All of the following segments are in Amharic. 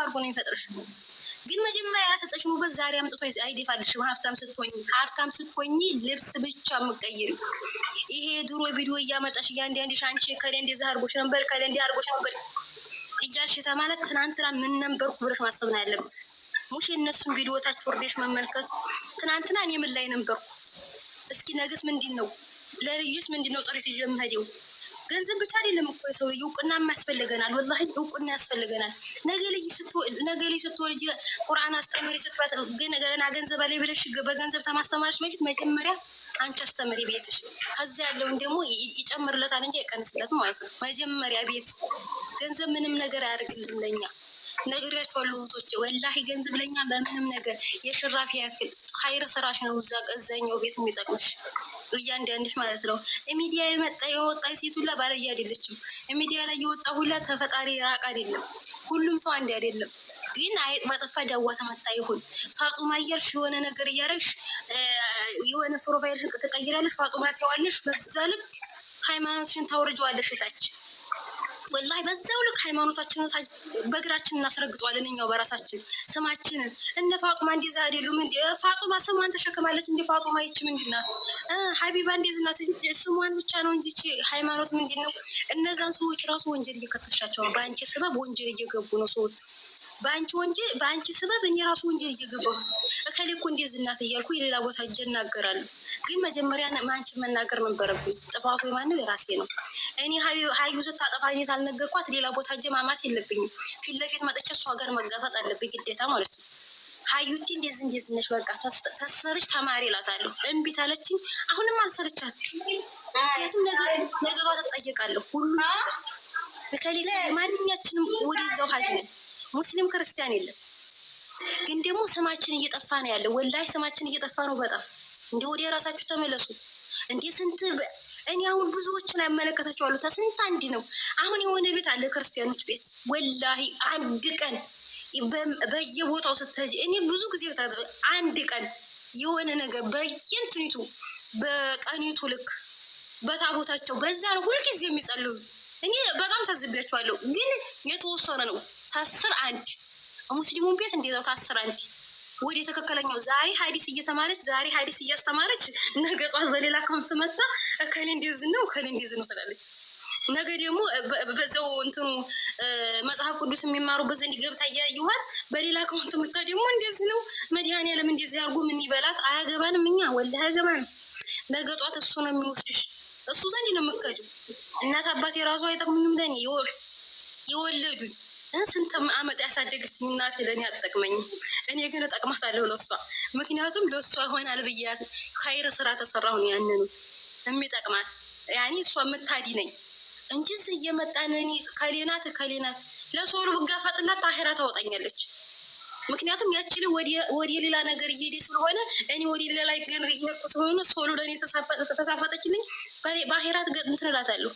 አድርጎ ነው የሚፈጥርሽ። ግን መጀመሪያ ያልሰጠሽ ውበት ዛሬ አምጥቶ አይደፋልሽም። ሀብታም ስትሆኝ ሀብታም ስትሆኝ ልብስ ብቻ የምቀይር ይሄ ድሮ ቪዲዮ እያመጣሽ እያንዳንድ አንቺ ከላይ እንደዚህ አድርጎሽ ነበር፣ ከሌ እንዲ አድርጎሽ ነበር እያልሽ የተማለት ትናንትና ምን ነበርኩ ብለሽ ማሰብ ነው ያለብሽ። ሙሽ የእነሱን ቪዲዮ ታች ወርደሽ መመልከት ትናንትና እኔ ምን ላይ ነበርኩ፣ እስኪ ነገስ ምንድን ነው ለልዩስ ምንድን ነው ጥሪት ይዤ ገንዘብ ብቻ አይደለም እኮ የሰው ልጅ እውቅናም ያስፈልገናል። ወላሂ እውቅና ያስፈልገናል። ነገ ልጅ ነገ ልጅ ስትወልጅ ቁርአን አስተምሪ ስትባት ገና ገንዘብ ላይ ብለሽ በገንዘብ ከማስተማርሽ በፊት መጀመሪያ አንቺ አስተምሪ ቤትሽ፣ ከዛ ያለውን ደግሞ ይጨምርለታል እንጂ አይቀንስለትም ማለት ነው። መጀመሪያ ቤት ገንዘብ ምንም ነገር አያደርግልም ለኛ ነግሬያቸዋለሁ። እህቶቼ ወላሂ ገንዘብ ለኛ በምንም ነገር የሽራፊ ያክል ሀይረ ስራሽ ነው። እዛ እዛኛው ቤት የሚጠቅምሽ እያንዳንድሽ ማለት ነው። ሚዲያ የመጣ የወጣ ሴት ሁላ ባለየ አይደለችም። ሚዲያ ላይ የወጣ ሁላ ተፈጣሪ ራቅ አይደለም። ሁሉም ሰው አንድ አይደለም። ግን አይጥ በጠፋ ዳዋ ተመታ ይሁን ፋጡማ እያልሽ የሆነ ነገር እያደረግሽ የሆነ ፕሮፋይልሽን ትቀይራለሽ። ፋጡማ ትዋለሽ። በዛ ልክ ሃይማኖትሽን ታውርጀዋለሽ እታች ወላሂ በዛው ልክ ሃይማኖታችንን በእግራችን እናስረግጠዋለን። እኛው በራሳችን ስማችንን እነ ፋጡማ እንደዛ አይደሉም እንዲ ፋጡማ ስሟን ተሸክማለች እንዲ ፋጡማ ይቺ ምንድን ሀቢባ እንደዚ ናት። ስሟን ብቻ ነው እንጂ ሃይማኖት ምንድን ነው? እነዛን ሰዎች ራሱ ወንጀል እየከተሻቸው ነው። በአንቺ ስበብ ወንጀል እየገቡ ነው ሰዎቹ። በአንቺ ወንጀ በአንቺ ስበብ እኔ ራሱ ወንጀል እየገባሁ እከሌ እኮ እንደዚህ እናት እያልኩ የሌላ ቦታ እጀ እናገራለሁ። ግን መጀመሪያ ማንቺ መናገር ነበረብኝ። ጥፋቱ የማንም የራሴ ነው። እኔ ሀዩ ስታጠፋ እኔ ታልነገርኳት ሌላ ቦታ እጀ ማማት የለብኝም። ፊት ለፊት መጥቼ እሷ ጋር መጋፈጥ አለብኝ ግዴታ ማለት ነው። ሀዩቲ እንደዚህ እንደዚህ ነሽ በቃ ተሰርች ተማሪ እላታለሁ። እምቢ ታለችኝ። አሁንም አልሰለቻት። ምክንያቱም ነገሯ ትጠየቃለሁ። ሁሉ ከሌላ ማንኛችንም ወደዛው ሀጅ ነን። ሙስሊም ክርስቲያን የለም። ግን ደግሞ ስማችን እየጠፋ ነው ያለ፣ ወላሂ ስማችን እየጠፋ ነው በጣም እንደ ወደ ራሳችሁ ተመለሱ። እንደ ስንት እኔ አሁን ብዙዎችን አሉ። ተስንት አንድ ነው። አሁን የሆነ ቤት አለ ክርስቲያኖች ቤት፣ ወላሂ አንድ ቀን በየቦታው ስትሄጂ እኔ ብዙ ጊዜ አንድ ቀን የሆነ ነገር በየንትኒቱ በቀኒቱ ልክ በታቦታቸው በዛ ነው ሁልጊዜ የሚጸልዩ። እኔ በጣም ታዝቢያቸዋለሁ፣ ግን የተወሰነ ነው። ታስር አንድ ሙስሊሙን ቤት እንዴት ነው ታስር አንድ ወደ የተከከለኛው ዛሬ ሀዲስ እየተማረች ዛሬ ሀዲስ እያስተማረች ነገ ጧት በሌላ ከምትመጣ እከሌ እንደዝ ነው እከሌ እንደዝ ነው ትላለች። ነገ ደግሞ በዛው እንትኑ መጽሐፍ ቅዱስ የሚማሩበት ዘንድ ገብታ እያየኋት በሌላ ከሆንት መታ ደግሞ እንደዚህ ነው መድኃኒዓለም እንደዚህ አድርጎ ምን ይበላት። አያገባንም፣ እኛ ወላሂ አያገባንም። ነገ ጧት እሱ ነው የሚወስድሽ፣ እሱ ዘንድ ነው የምከጁ። እናት አባት የራሱ አይጠቅሙኝም ለኔ የወለዱኝ ስንት አመት ያሳደገችኝ እናቴ ለእኔ አትጠቅመኝም። እኔ ግን እጠቅማታለሁ ለሷ፣ ምክንያቱም ለሷ ይሆናል ብያ ኸይር ስራ ተሰራሁን ያንኑ የሚጠቅማት ያኔ እሷ የምታዲ ነኝ እንጂ ስ እየመጣን እኔ ከሌናት ከሌናት ለሶሉ ሁሉ ብጋፈጥላት አሄራ ታወጣኛለች። ምክንያቱም ያችን ወደ ሌላ ነገር እየሄደ ስለሆነ እኔ ወደ ሌላ ነገር እየሄድኩ ስለሆነ ሶሉ ለእኔ ተሳፈጠችልኝ። በአሄራት ገጥም ትንላታለሁ፣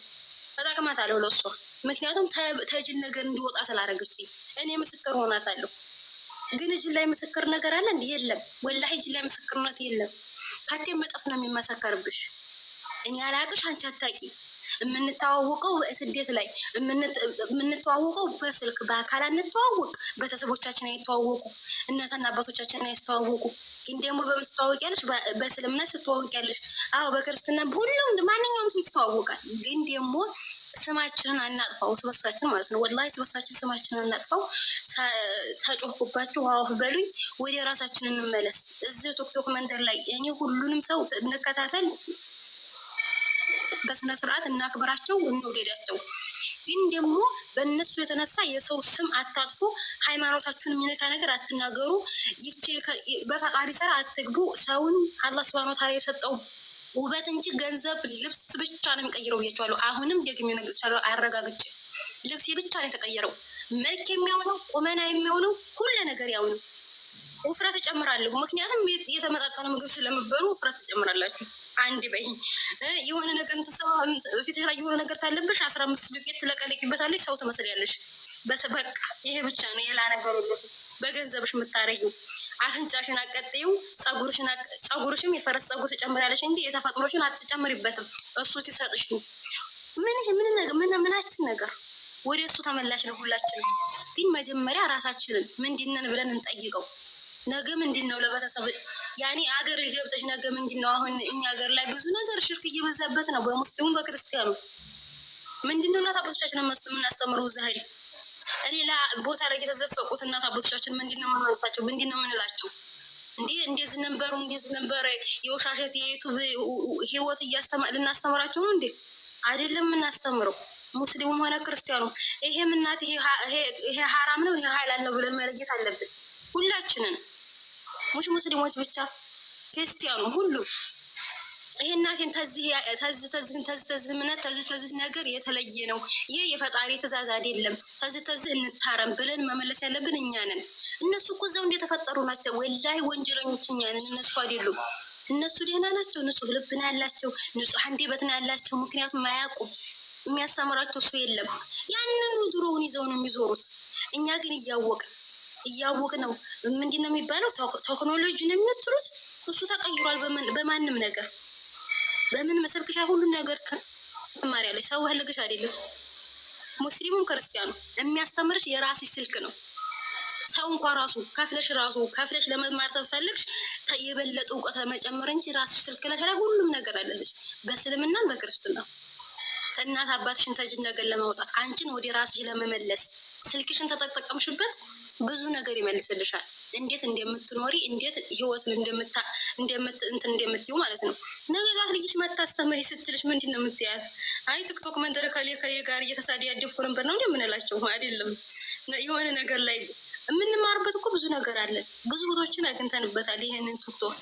ተጠቅማታለሁ ለእሷ ምክንያቱም ተጅል ነገር እንዲወጣ ስላደረገችኝ እኔ ምስክር ሆናታለሁ። ግን እጅ ላይ ምስክር ነገር አለ እንዲህ የለም። ወላሂ እጅ ላይ ምስክርነት የለም። ካቴ መጠፍ ነው የሚመሰከርብሽ። እኔ አላቅሽ፣ አንቺ አታቂ። የምንተዋወቀው ስደት ላይ የምንተዋወቀው በስልክ በአካል እንተዋወቅ። ቤተሰቦቻችን አይተዋወቁ፣ እናትና አባቶቻችን አይተዋወቁ። ግን ደግሞ በምን ትተዋወቂያለሽ? በእስልምና ስትተዋወቂያለሽ። አዎ በክርስትና ሁሉም ማንኛውም ሰው ይተዋወቃል። ግን ደግሞ ስማችንን አናጥፋው። ስበሳችን ማለት ነው። ወላሂ ስበሳችን ስማችንን አናጥፋው። ተጮህኩባችሁ አዋፍ በሉኝ። ወደ ራሳችን እንመለስ። እዚህ ቶክቶክ መንደር ላይ እኔ ሁሉንም ሰው እንከታተል፣ በስነ ስርዓት እናክብራቸው፣ እንውደዳቸው። ግን ደግሞ በእነሱ የተነሳ የሰው ስም አታጥፉ። ሃይማኖታችሁን የሚነካ ነገር አትናገሩ። ይቺ በፈጣሪ ስራ አትግቡ። ሰውን አላህ ስብሃነ ወተዓላ የሰጠው ውበት እንጂ ገንዘብ ልብስ ብቻ ነው የሚቀይረው ብያቸዋለሁ። አሁንም ደግሜ እነግርሻለሁ አረጋግጬ፣ ልብሴ ብቻ ነው የተቀየረው። መልክ የሚሆነው ቁመና የሚሆነው ሁለ ነገር ያው ነው። ውፍረት እጨምራለሁ፣ ምክንያቱም የተመጣጠነ ምግብ ስለምበሉ ውፍረት ትጨምራላችሁ። አንድ በይ የሆነ ነገር ፊት ላይ የሆነ ነገር ታለብሽ፣ አስራ አምስት ዱቄት ትለቀለቂበታለሽ፣ ሰው ትመስል ያለሽ በቃ ይሄ ብቻ ነው፣ ሌላ ነገር በገንዘብሽ የምታረጊው አፍንጫሽን አቀጥዩ፣ ፀጉርሽም የፈረስ ፀጉር ትጨምሪያለሽ እንጂ የተፈጥሮሽን አትጨምሪበትም። እሱ ሲሰጥሽ ነው። ምን ምናችን ነገር ወደ እሱ ተመላሽ ነው። ሁላችንም ግን መጀመሪያ ራሳችንን ምንድነን ብለን እንጠይቀው። ነገ ምንድን ነው ለቤተሰብ ያኔ አገር ገብተሽ ነገ ምንድን ነው አሁን እኛ ሀገር ላይ ብዙ ነገር ሽርክ እየበዛበት ነው፣ በሙስሊሙ በክርስቲያኑ ምንድን ነው እናት አባቶቻችንን የምናስተምረው ዘህል ሌላ ቦታ ላይ የተዘፈቁት እናት አባቶቻችን ምንድን ነው የምናነሳቸው? ምንድን ነው የምንላቸው? እንዴ እንደዚህ ነበሩ፣ እንደዚህ ነበረ የውሻሸት የዩቱብ ህይወት ልናስተምራቸው ነው እንዴ? አይደለም የምናስተምረው። ሙስሊሙም ሆነ ክርስቲያኑ ይሄም እናት ይሄ ሀራም ነው ይሄ ሀላል ነው ብለን መለየት አለብን። ሁላችንን ሙሽ ሙስሊሞች ብቻ ክርስቲያኑ ሁሉ ይሄ እናቴን ተዚህ ተዝ ተዚህ እምነት ተዝ ተዚህ ነገር የተለየ ነው። ይህ የፈጣሪ ትእዛዝ አይደለም። ተዝ ተዚህ እንታረም ብለን መመለስ ያለብን እኛ ነን። እነሱ እኮ እዛው እንደተፈጠሩ ናቸው። ወላሂ ወንጀለኞች እኛ ነን፣ እነሱ አይደሉም። እነሱ ደህና ናቸው፣ ንጹህ ልብን ያላቸው፣ ንጹህ አንደበት ያላቸው። ምክንያቱም አያውቁም፣ የሚያስተምራቸው ሰው የለም። ያንኑ ድሮውን ይዘው ነው የሚዞሩት። እኛ ግን እያወቅ እያወቅ ነው ምንድን ነው የሚባለው ቴክኖሎጂ ነው የሚነትሩት። እሱ ተቀይሯል በማንም ነገር በምን መሰልክሻ ሁሉን ነገር ትማሪያለሽ። ሰው ፈልግሽ አይደለም ሙስሊሙም ክርስቲያኑ የሚያስተምርሽ የራስሽ ስልክ ነው። ሰው እንኳ ራሱ ከፍለሽ ራሱ ከፍለሽ ለመማር ተፈልግሽ የበለጠ እውቀት ለመጨመር እንጂ ራስሽ ስልክ ላይ ሁሉም ነገር አለልሽ፣ በእስልምና በክርስትና እናት አባትሽን ተጅን ነገር ለማውጣት አንቺን ወደ ራስሽ ለመመለስ ስልክሽን ተጠቀምሽበት ብዙ ነገር ይመልስልሻል። እንዴት እንደምትኖሪ እንዴት ህይወት እንትን እንደምትዩ ማለት ነው። ነገ ጧት ልጅሽ መታስተምሪ ስትልሽ ምንድን ነው የምትያት? አይ ቲክቶክ መንደር ከሌ ከሌ ጋር እየተሳደ ያደብኩ ነበር ነው እንደምንላቸው አይደለም። የሆነ ነገር ላይ የምንማርበት እኮ ብዙ ነገር አለ። ብዙ እህቶችን አግኝተንበታል። ይህንን ቲክቶክ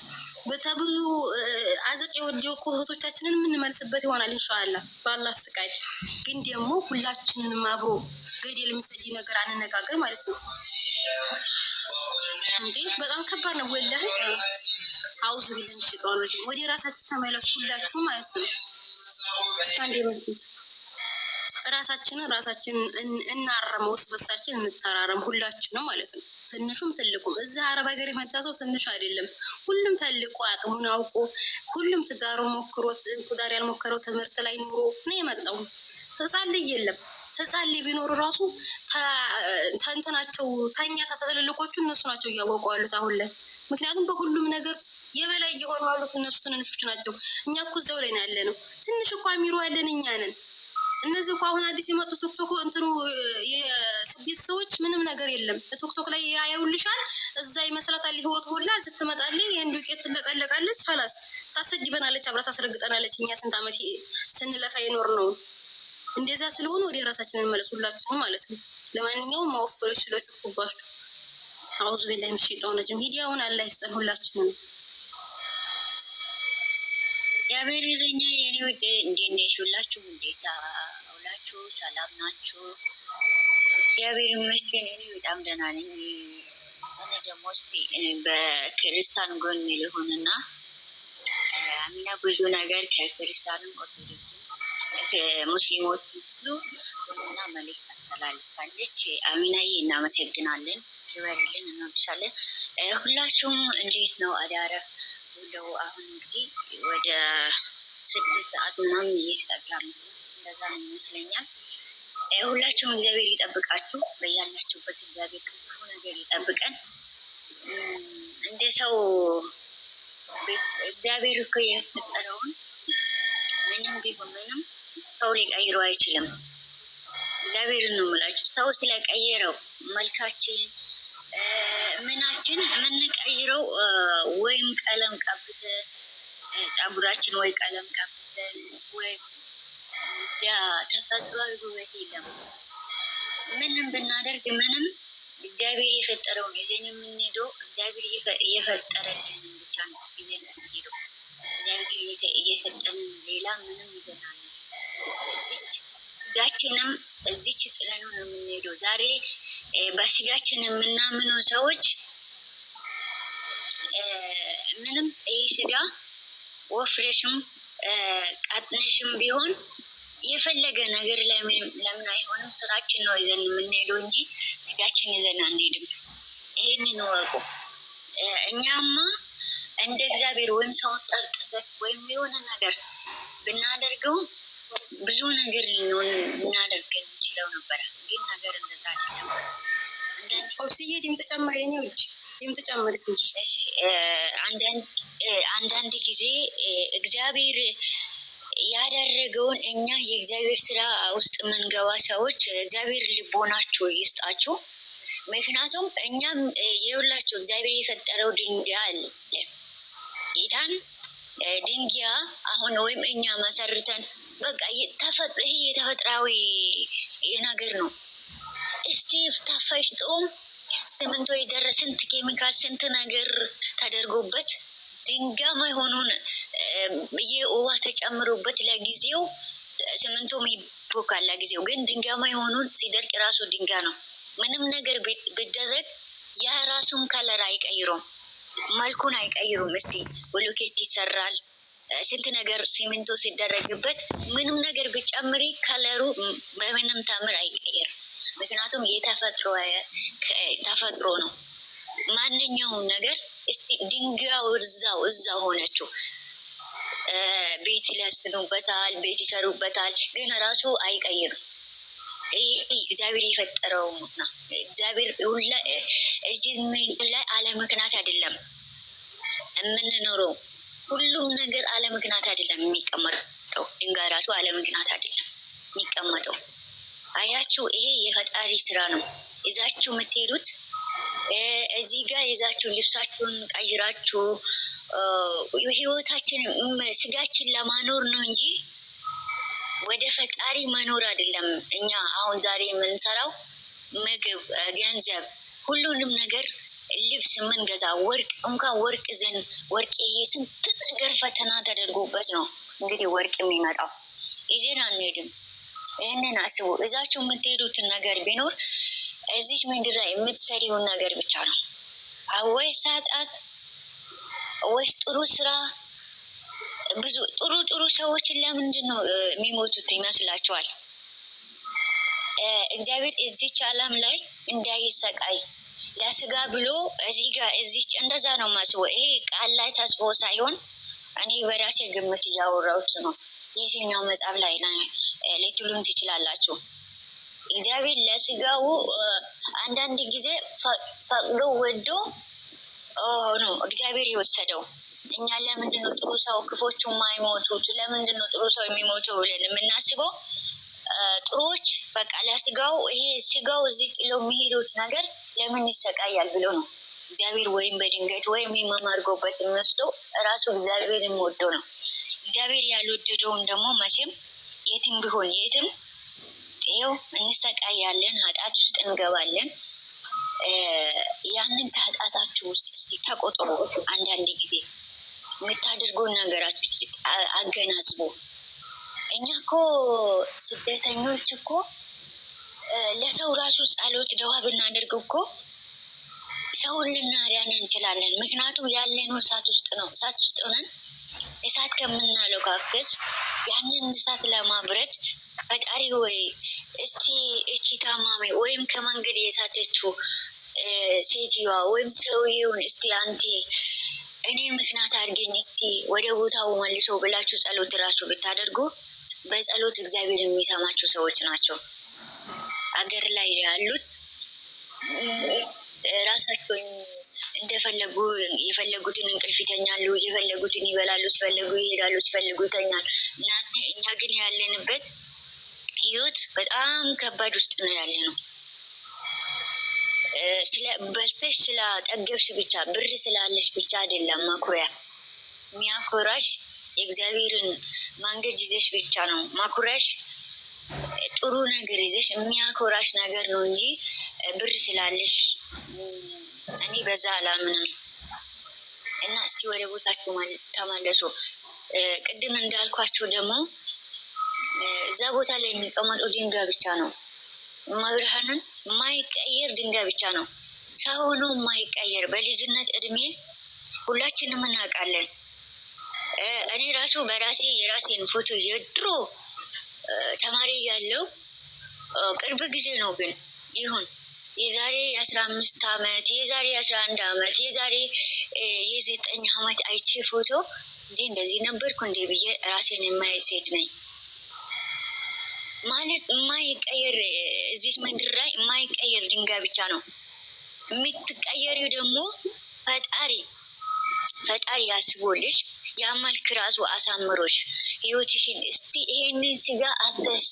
በተብዙ አዘቅ የወደቁ እህቶቻችንን የምንመልስበት ይሆናል ኢንሻላህ በአላህ ፍቃድ። ግን ደግሞ ሁላችንንም አብሮ ገደል የሚሰድ ነገር አንነጋገር ማለት ነው። እንዴ በጣም ከባድ ነው። ወላሂ አውዝ ቢልን ሽጣኖች ወደ ራሳችሁ ተመለሱ፣ ሁላችሁ ማለት ነው። ራሳችንን ራሳችንን እናረመው፣ እርስ በርሳችን እንተራረም፣ ሁላችንም ማለት ነው። ትንሹም ትልቁም እዚህ አረብ ሀገር የመጣ ሰው ትንሹ አይደለም። ሁሉም ተልቆ አቅሙን አውቆ ሁሉም ትዳሩ ሞክሮት ትዳር ያልሞከረው ትምህርት ላይ ኑሮ ነው የመጣው። ህፃን ልጅ የለም። ህፃን ላይ ቢኖሩ ራሱ ተንትናቸው ተኛ ተተለልቆቹ እነሱ ናቸው እያወቁ ያሉት አሁን ላይ። ምክንያቱም በሁሉም ነገር የበላይ እየሆኑ አሉት እነሱ ትንንሾች ናቸው። እኛ እኮ እዛው ላይ ነው ያለ ነው። ትንሽ እኮ አሚሮ ያለን እኛ ነን። እነዚህ እኮ አሁን አዲስ የመጡ ቶክቶክ እንትኑ የስደት ሰዎች ምንም ነገር የለም። ቶክቶክ ላይ ያየውልሻል፣ እዛ ይመስላታል ህይወት ሁላ ስትመጣልኝ ይህን ዱቄት ትለቀለቃለች፣ ላስ ታሰድበናለች፣ አብራ ታስረግጠናለች። እኛ ስንት አመት ስንለፋ ይኖር ነው እንደዛ ስለሆኑ ወደ ራሳችን እንመለሱላችሁ ማለት ነው። ለማንኛውም ማወፈሮች ስላችሁ ኩባችሁ አውዝ ቤላ ምሽጣውነጅም ሂዲያውን አላህ ይስጠን ሁላችንም። እግዚአብሔር ይለኛ የኔ ውድ እንዴት ነሽ? ሁላችሁ እንዴት አውላችሁ? ሰላም ናችሁ? እግዚአብሔር ይመስገን እኔ በጣም ደህና ነኝ። እኔ ደግሞ እስኪ በክርስቲያን ጎን ልሆንና አሚና ብዙ ነገር ከክርስቲያንም ኦርቶዶክስ ሙስሊሞች ሁሉ እና መልዕክት አስተላልፋለች። አሚናዬ እናመሰግናለን። ክበርልን፣ እንወድሻለን። ሁላችሁም እንዴት ነው አዳረ ብለው አሁን እንግዲህ ወደ ስድስት ሰዓት ምናምን እየተጠጋሉ እንደዛ ነው ይመስለኛል። ሁላችሁም እግዚአብሔር ይጠብቃችሁ። በያላችሁበት እግዚአብሔር ክፉ ነገር ይጠብቀን። እንደ ሰው እግዚአብሔር እኮ የፈጠረውን ምንም ቢሆን ምንም ሰው ሊቀይሩ አይችልም። እግዚአብሔር ነው የምላችሁ። ሰው ስለቀየረው መልካችን ምናችን የምንቀይረው ወይም ቀለም ቀብተ ጸጉራችን ወይ ቀለም ቀብተ ወይም ተፈጥሯዊ ውበት የለም። ምንም ብናደርግ ምንም እግዚአብሔር የፈጠረው ይዘን የምንሄደው እግዚአብሔር የፈጠረልን ብቻ ነው ይዘን የምንሄደው። እግዚአብሔር እየሰጠንን ሌላ ምንም ይዘናል ስጋችንም እዚች ጥለን ነው የምንሄደው። ዛሬ በስጋችን የምናምኑ ሰዎች ምንም ይህ ስጋ ወፍሬሽም ቀጥነሽም ቢሆን የፈለገ ነገር ለምን አይሆንም? ስራችን ነው ይዘን የምንሄደው እንጂ ስጋችን ይዘን አንሄድም። ይሄንን ወቁ። እኛማ እንደ እግዚአብሔር ወይም ሰውን ጠርጥበት ወይም የሆነ ነገር ብናደርገው ብዙ ነገር እናደርግ የሚችለው ነበረ፣ ግን ነገር እንደዛ ኦብስዬ ድምፅ ጨምር፣ የኔ ውጭ ድምፅ ጨምር አንዳንድ ጊዜ እግዚአብሔር ያደረገውን እኛ የእግዚአብሔር ስራ ውስጥ የምንገባ ሰዎች እግዚአብሔር ልቦናችሁ ይስጣችሁ። ምክንያቱም እኛም የሁላችሁ እግዚአብሔር የፈጠረው ድንጋይ አለ ኢታን ድንጊያ አሁን ወይም እኛ መሰርተን በቃ ይሄ የተፈጥራዊ ነገር ነው። እስቲ ተፈጭቶ ስምንቶ የደረ ስንት ኬሚካል ስንት ነገር ተደርጎበት ድንጋማ የሆኑን የውሃ ተጨምሮበት ለጊዜው ስምንቶ ይቦካል። ለጊዜው ግን ድንጋማ የሆኑን ሲደርቅ ራሱ ድንጋ ነው። ምንም ነገር ቢደረግ የራሱን ከለር አይቀይሩም፣ መልኩን አይቀይሩም። እስቲ ብሎኬት ይሰራል ስንት ነገር ሲሚንቶ ሲደረግበት ምንም ነገር ብጨምሪ ከለሩ በምንም ታምር አይቀየርም። ምክንያቱም የተፈጥሮ ነው። ማንኛውም ነገር ድንጋዩ እዛው እዛው ሆነችው ቤት ይለስኑበታል፣ ቤት ይሰሩበታል፣ ግን ራሱ አይቀይርም። እግዚአብሔር የፈጠረው ነው። እግዚአብሔር እዚህ ላይ አለ ምክንያት አይደለም የምንኖረው። ሁሉም ነገር አለምክንያት አይደለም የሚቀመጠው። ድንጋይ ራሱ አለምክንያት አይደለም የሚቀመጠው። አያችሁ፣ ይሄ የፈጣሪ ስራ ነው። ይዛችሁ የምትሄዱት እዚህ ጋር ይዛችሁ ልብሳችሁን ቀይራችሁ ህይወታችን ስጋችን ለማኖር ነው እንጂ ወደ ፈጣሪ መኖር አይደለም። እኛ አሁን ዛሬ የምንሰራው ምግብ፣ ገንዘብ፣ ሁሉንም ነገር ልብስ የምንገዛ ወርቅ እንኳን ወርቅ ዘን ወርቅ ይሄ ስንት ነገር ፈተና ተደርጎበት ነው እንግዲህ ወርቅ የሚመጣው። ይዜን አንሄድም። ይህንን አስቡ። እዛችሁ የምትሄዱትን ነገር ቢኖር እዚች ምንድን ላይ የምትሰሪውን ነገር ብቻ ነው። አወይ ሳጣት ወይስ ጥሩ ስራ። ብዙ ጥሩ ጥሩ ሰዎችን ለምንድን ነው የሚሞቱት ይመስላችኋል? እግዚአብሔር እዚች ዓለም ላይ እንዳይሰቃይ ለስጋ ብሎ እዚህ ጋር እዚህ እንደዛ ነው ማስበው። ይሄ ቃል ላይ ታስቦ ሳይሆን እኔ በራሴ ግምት እያወራሁት ነው። የትኛው መጽሐፍ ላይ ልትሉም ትችላላችሁ። እግዚአብሔር ለስጋው አንዳንድ ጊዜ ፈቅዶ ወዶ ነው እግዚአብሔር የወሰደው። እኛ ለምንድነው ጥሩ ሰው ክፎቹ የማይሞቱት? ለምንድነው ጥሩ ሰው የሚሞተው ብለን የምናስበው? ጥሩዎች በቃ ለስጋው ይሄ ስጋው እዚህ ጥለው የሚሄዱት ነገር ለምን ይሰቃያል ብሎ ነው እግዚአብሔር ወይም በድንገት ወይም የመማርጎበት መስሎ እራሱ እግዚአብሔር የሚወደው ነው። እግዚአብሔር ያልወደደውን ደግሞ መቼም የትም ቢሆን የትም ይኸው እንሰቃያለን፣ ኃጢአት ውስጥ እንገባለን። ያንን ከኃጢአታችሁ ውስጥ እስኪ ተቆጥሮ አንዳንድ ጊዜ የምታደርገውን ነገራችሁ አገናዝቦ እኛ እኮ ስደተኞች እኮ ለሰው ራሱ ጸሎት ደዋ ብናደርግ እኮ ሰውን ልናዳን እንችላለን። ምክንያቱም ያለነው እሳት ውስጥ ነው። እሳት ውስጥ ሆነን እሳት ከምናለው ካክስ ያንን እሳት ለማብረድ ፈጣሪ ወይ እስቲ እቺ ታማሚ ወይም ከመንገድ የሳተችው ሴትዮዋ ወይም ሰውዬውን እስቲ አንቲ እኔን ምክንያት አድርገኝ እስቲ ወደ ቦታው መልሶ ብላችሁ ጸሎት ራሱ ብታደርጉ በጸሎት እግዚአብሔር የሚሰማቸው ሰዎች ናቸው። አገር ላይ ያሉት ራሳቸውን እንደፈለጉ የፈለጉትን እንቅልፍ ይተኛሉ፣ የፈለጉትን ይበላሉ፣ ሲፈልጉ ይሄዳሉ፣ ሲፈልጉ ይተኛሉ። እኛ ግን ያለንበት ህይወት በጣም ከባድ ውስጥ ነው ያለ ነው። በልተሽ ስላጠገብሽ ብቻ ብር ስላለሽ ብቻ አይደለም ማኩሪያ የሚያኮራሽ የእግዚአብሔርን መንገድ ይዘሽ ብቻ ነው ማኩራሽ። ጥሩ ነገር ይዘሽ የሚያኮራሽ ነገር ነው እንጂ ብር ስላለሽ እኔ በዛ አላምንም። እና እስቲ ወደ ቦታችሁ ተመለሱ። ቅድም እንዳልኳቸው ደግሞ እዛ ቦታ ላይ የሚቀመጠው ድንጋይ ብቻ ነው። መብርሃንን ማይቀየር ድንጋይ ብቻ ነው። ሰው ሆኖ ማይቀየር በልጅነት እድሜ ሁላችንም እናውቃለን። እኔ ራሱ በራሴ የራሴን ፎቶ የድሮ ተማሪ ያለው ቅርብ ጊዜ ነው ግን ይሁን የዛሬ የአስራ አምስት አመት የዛሬ የአስራ አንድ አመት የዛሬ የዘጠኝ አመት አይቼ ፎቶ እንዴ እንደዚህ ነበርኩ እንዴ ብዬ ራሴን የማየት ሴት ነኝ። ማለት የማይቀየር እዚህ ምድር ላይ የማይቀየር ድንጋይ ብቻ ነው። የምትቀየሪው ደግሞ ፈጣሪ ፈጣሪ ያስቦልሽ ያማል ክራሱ አሳምሮች ህይወትሽን እስቲ ይሄንን ስጋ አትደርስ